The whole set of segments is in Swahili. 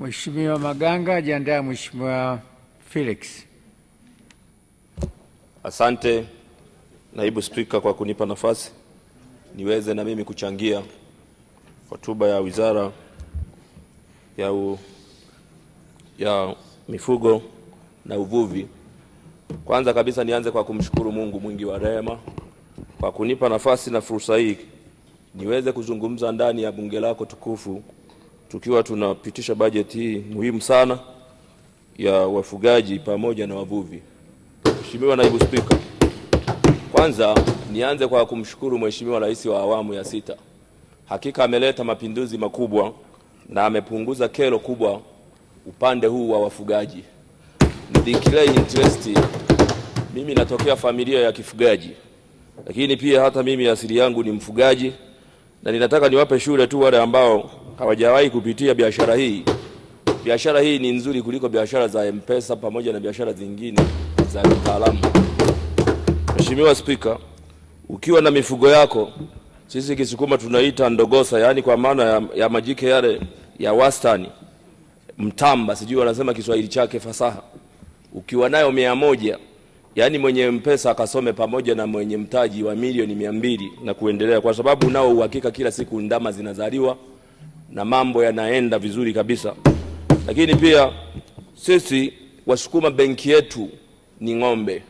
Mheshimiwa Maganga, ajiandaa Mheshimiwa Felix. Asante naibu spika kwa kunipa nafasi niweze na mimi kuchangia hotuba ya wizara ya, u, ya mifugo na uvuvi. Kwanza kabisa nianze kwa kumshukuru Mungu mwingi wa rehema kwa kunipa nafasi na fursa hii niweze kuzungumza ndani ya bunge lako tukufu tukiwa tunapitisha bajeti hii muhimu sana ya wafugaji pamoja na wavuvi. Mheshimiwa Naibu Spika, kwanza nianze kwa kumshukuru Mheshimiwa Rais wa awamu ya sita. Hakika ameleta mapinduzi makubwa na amepunguza kero kubwa upande huu wa wafugaji. Nikilei interest, mimi natokea familia ya kifugaji, lakini pia hata mimi asili yangu ni mfugaji, na ninataka niwape shule tu wale ambao hawajawahi kupitia biashara hii. Biashara hii ni nzuri kuliko biashara za M-Pesa pamoja na biashara zingine za kitaalamu. Mheshimiwa Spika, ukiwa na mifugo yako, sisi Kisukuma tunaita ndogosa, yaani kwa maana ya, ya majike yale ya wastani, mtamba, sijui wanasema Kiswahili chake fasaha. Ukiwa nayo mia moja, yaani mwenye mpesa akasome pamoja na mwenye mtaji wa milioni mia mbili na kuendelea, kwa sababu nao uhakika kila siku ndama zinazaliwa na mambo yanaenda vizuri kabisa. Lakini pia sisi Wasukuma, benki yetu ni ng'ombe,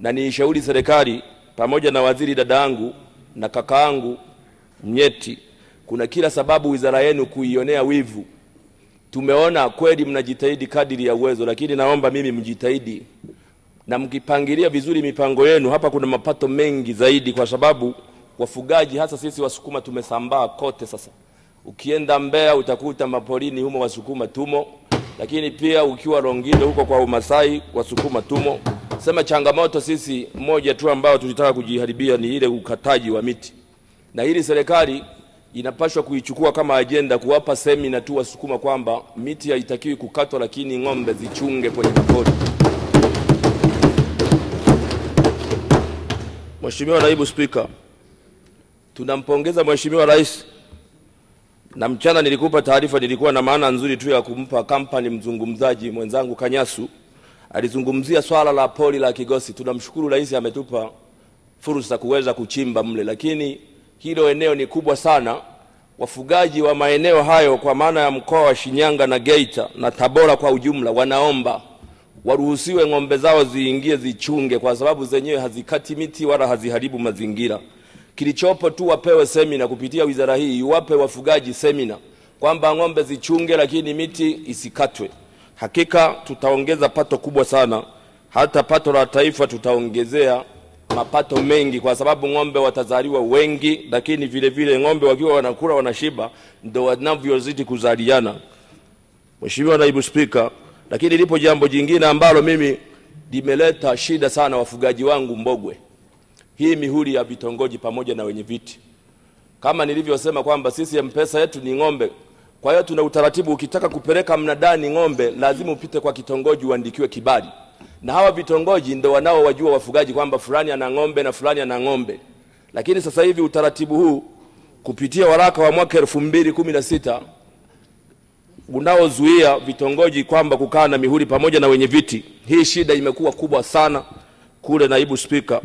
na niishauri serikali pamoja na waziri dada yangu na kaka yangu Mnyeti, kuna kila sababu wizara yenu kuionea wivu. Tumeona kweli mnajitahidi kadiri ya uwezo, lakini naomba mimi mjitahidi na mkipangilia vizuri mipango yenu, hapa kuna mapato mengi zaidi, kwa sababu wafugaji hasa sisi Wasukuma tumesambaa kote sasa. Ukienda Mbeya utakuta maporini humo Wasukuma tumo, lakini pia ukiwa Longido huko kwa Umasai Wasukuma tumo. Sema changamoto sisi moja tu ambayo tulitaka kujiharibia ni ile ukataji wa miti, na hili serikali inapashwa kuichukua kama ajenda, kuwapa semina tu Wasukuma kwamba miti haitakiwi kukatwa, lakini ng'ombe zichunge kwenye mapori. Mheshimiwa Naibu Spika, tunampongeza Mheshimiwa Rais na mchana nilikupa taarifa, nilikuwa na maana nzuri tu ya kumpa kampani. Mzungumzaji mwenzangu Kanyasu alizungumzia swala la poli la Kigosi. Tunamshukuru rais ametupa fursa kuweza kuchimba mle, lakini hilo eneo ni kubwa sana. Wafugaji wa maeneo hayo kwa maana ya mkoa wa Shinyanga na Geita na Tabora kwa ujumla wanaomba waruhusiwe ng'ombe zao ziingie zichunge, kwa sababu zenyewe hazikati miti wala haziharibu mazingira. Kilichopo tu wapewe semina kupitia wizara hii, iwape wafugaji semina kwamba ng'ombe zichunge, lakini miti isikatwe. Hakika tutaongeza pato kubwa sana, hata pato la taifa tutaongezea mapato mengi, kwa sababu ng'ombe watazaliwa wengi, lakini vile vile ng'ombe wakiwa wanakula wanashiba, ndo wanavyozidi kuzaliana. Mheshimiwa Naibu Spika, lakini lipo jambo jingine ambalo mimi limeleta shida sana wafugaji wangu Mbogwe hii mihuri ya vitongoji pamoja na wenye viti. Kama nilivyosema kwamba sisi mpesa yetu ni ng'ombe, kwa hiyo tuna utaratibu. Ukitaka kupeleka mnadani ng'ombe, lazima upite kwa kitongoji uandikiwe kibali, na hawa vitongoji ndio wanaowajua wafugaji kwamba fulani ana ng'ombe na fulani ana ng'ombe. Lakini sasa hivi utaratibu huu kupitia waraka wa mwaka elfu mbili kumi na sita unaozuia vitongoji kwamba kukaa na mihuri pamoja na wenye viti, hii shida imekuwa kubwa sana kule, naibu spika.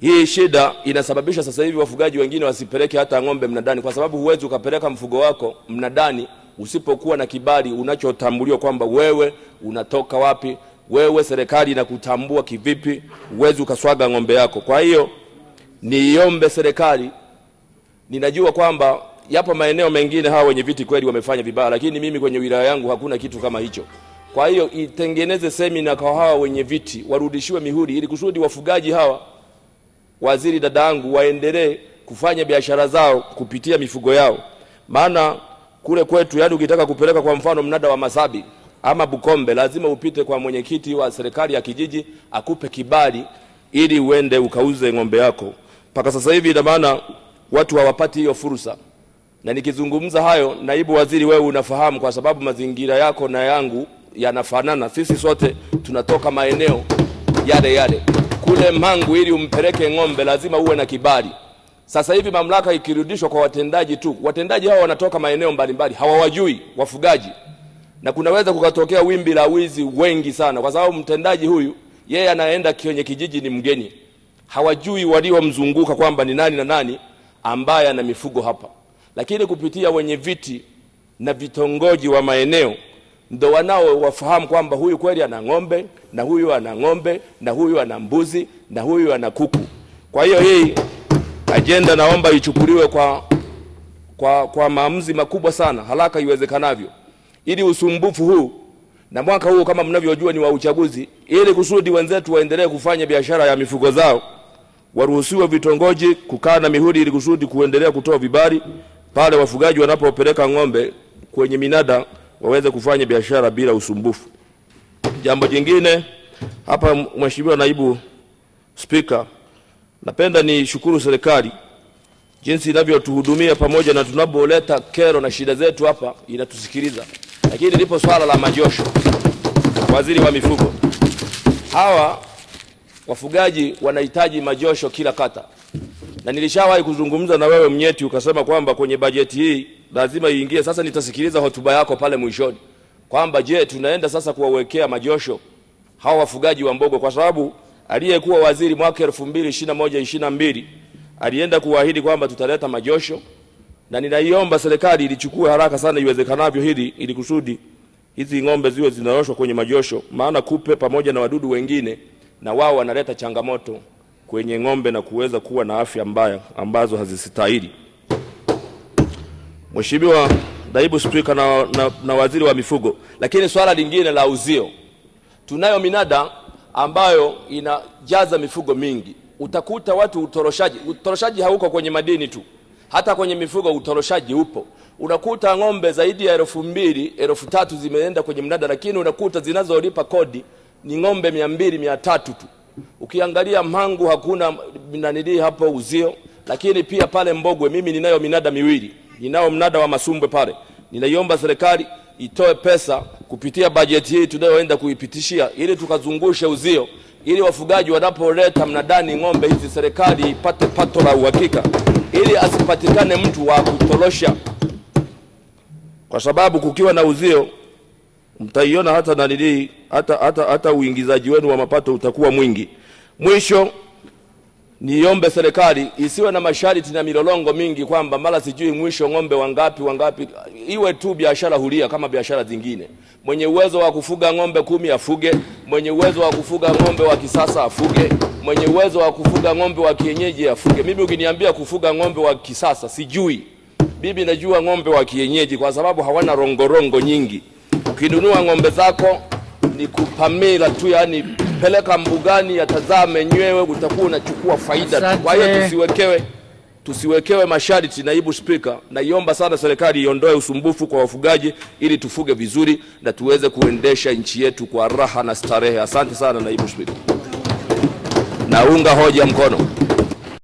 Hii shida inasababisha sasa hivi wafugaji wengine wasipeleke hata ng'ombe mnadani, kwa sababu huwezi ukapeleka mfugo wako mnadani usipokuwa na kibali unachotambuliwa kwamba wewe unatoka wapi, wewe serikali inakutambua kivipi, huwezi ukaswaga ng'ombe yako. Kwa hiyo niombe serikali, ninajua kwamba yapo maeneo mengine hawa wenye viti kweli wamefanya vibaya, lakini mimi kwenye wilaya yangu hakuna kitu kama hicho. Kwa hiyo itengeneze semina kwa hawa wenye viti, warudishiwe mihuri ili kusudi wafugaji hawa waziri yangu waendelee kufanya biashara zao kupitia mifugo yao, maana kule kwetu, yani ukitaka kupeleka kwa mfano mnada wa Masabi ama Bukombe, lazima upite kwa mwenyekiti wa serikali ya kijiji akupe kibali ili uende ukauze ng'ombe yako. Mpaka sasa hivi, ina maana watu hawapati hiyo fursa. Na nikizungumza hayo, naibu waziri, wewe unafahamu kwa sababu mazingira yako na yangu yanafanana, sisi sote tunatoka maeneo yale yale kule Mangu ili umpeleke ng'ombe lazima uwe na kibali. Sasa hivi mamlaka ikirudishwa kwa watendaji tu, watendaji hao wanatoka maeneo mbalimbali, hawawajui wafugaji, na kunaweza kukatokea wimbi la wizi wengi sana, kwa sababu mtendaji huyu yeye anaenda kwenye kijiji, ni mgeni, hawajui waliomzunguka kwamba ni nani na nani ambaye ana mifugo hapa. Lakini kupitia wenye viti na vitongoji wa maeneo ndo wanao wafahamu kwamba huyu kweli ana ng'ombe na huyu ana ng'ombe na huyu ana mbuzi na huyu ana kuku. Kwa hiyo hii ajenda naomba ichukuliwe kwa, kwa, kwa maamuzi makubwa sana haraka iwezekanavyo, ili usumbufu huu na mwaka huu kama mnavyojua ni wa uchaguzi, ili kusudi wenzetu waendelee kufanya biashara ya mifugo zao, waruhusiwe vitongoji kukaa na mihuri, ili kusudi kuendelea kutoa vibali pale wafugaji wanapopeleka ng'ombe kwenye minada waweze kufanya biashara bila usumbufu. Jambo jingine hapa, Mheshimiwa Naibu Spika, napenda ni shukuru serikali jinsi inavyotuhudumia pamoja na tunapoleta kero na shida zetu hapa inatusikiliza. Lakini lipo swala la majosho, waziri wa mifugo, hawa wafugaji wanahitaji majosho kila kata, na nilishawahi kuzungumza na wewe Mnyeti, ukasema kwamba kwenye bajeti hii lazima iingie. Sasa nitasikiliza hotuba yako pale mwishoni kwamba je, tunaenda sasa kuwawekea majosho hawa wafugaji wa mbogo, kwa sababu aliyekuwa waziri mwaka 2021 mbili alienda kuahidi kwamba tutaleta majosho, na ninaiomba serikali ilichukue haraka sana iwezekanavyo hili ili kusudi hizi ng'ombe ziwe zinaoshwa kwenye majosho, maana kupe pamoja na wadudu wengine na wao wanaleta changamoto kwenye ng'ombe na kuweza kuwa na afya mbaya ambazo hazistahili. Mheshimiwa Naibu Spika na, na, na waziri wa mifugo. Lakini swala lingine la uzio, tunayo minada ambayo inajaza mifugo mingi, utakuta watu utoroshaji, utoroshaji hauko kwenye madini tu, hata kwenye mifugo utoroshaji upo. Unakuta ng'ombe zaidi ya elfu mbili elfu tatu zimeenda kwenye mnada, lakini unakuta zinazolipa kodi ni ng'ombe mia mbili mia tatu tu. Ukiangalia mangu hakuna nanilii hapo uzio, lakini pia pale Mbogwe mimi ninayo minada miwili Ninao mnada wa Masumbwe pale. Ninaiomba serikali itoe pesa kupitia bajeti hii tunayoenda kuipitishia, ili tukazungushe uzio, ili wafugaji wanapoleta mnadani ng'ombe hizi, serikali ipate pato la uhakika, ili asipatikane mtu wa kutorosha, kwa sababu kukiwa na uzio mtaiona hata nanilii hata, hata, hata uingizaji wenu wa mapato utakuwa mwingi. Mwisho niombe serikali isiwe na masharti na milolongo mingi kwamba mara sijui mwisho ng'ombe wangapi wangapi. Iwe tu biashara huria kama biashara zingine. Mwenye uwezo wa kufuga ng'ombe kumi afuge, mwenye uwezo wa kufuga ng'ombe wa kisasa afuge, mwenye uwezo wa kufuga ng'ombe wa kienyeji afuge. Mimi ukiniambia kufuga ng'ombe wa kisasa sijui, mimi najua ng'ombe wa kienyeji kwa sababu hawana rongorongo nyingi. Ukinunua ng'ombe zako ni kupamila tu, yani peleka mbugani, yatazame nywewe utakuwa unachukua faida tu. Kwa hiyo tusiwekewe tusiwekewe masharti. Naibu Spika, naiomba sana serikali iondoe usumbufu kwa wafugaji ili tufuge vizuri na tuweze kuendesha nchi yetu kwa raha na starehe. Asante sana Naibu Spika, naunga hoja mkono.